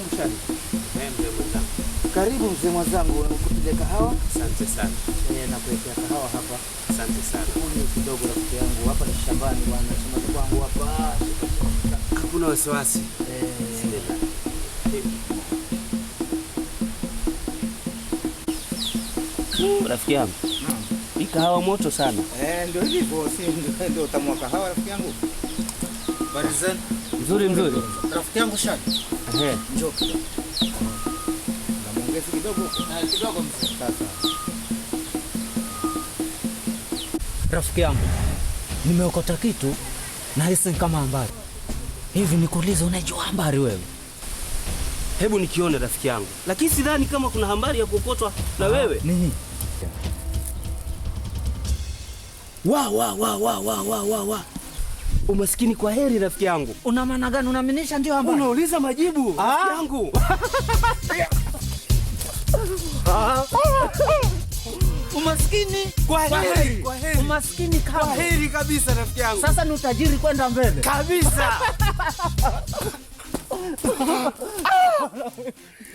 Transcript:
mwenzangu Shani. mzee mwenzangu. Karibu mzee mwenzangu, unakuja kahawa? Asante sana. Eh, nakuletea kahawa hapa. Asante sana. Huyu kidogo rafiki yangu hapa ni shambani bwana, shamba kwangu hapa. Hakuna wasiwasi. Eh, sina. Rafiki yangu. Hii kahawa moto sana. Eh, ndio hivyo, si ndio utamu kahawa rafiki yangu. Habari zenu? Nzuri nzuri. Rafiki yangu Shadi. Eh. Njoo Na muongeze kidogo. Na kidogo mzee. Sasa. Rafiki yangu, nimeokota kitu na hisi kama ambari. Hivi nikuulize, unajua ambari wewe? Hebu nikione rafiki yangu, lakini sidhani kama kuna hambari ya kuokotwa na ah, wewe. Nini? Wa wa wa wa wa wa wa. Umaskini kwa heri rafiki yangu. Una maana gani? Unaminisha ndio hapo? Unauliza majibu ah. rafiki yangu. Umaskini kwa heri. Kwa heri. Umaskini Kwa heri kabisa rafiki yangu. Sasa ni utajiri kwenda mbele. Kabisa.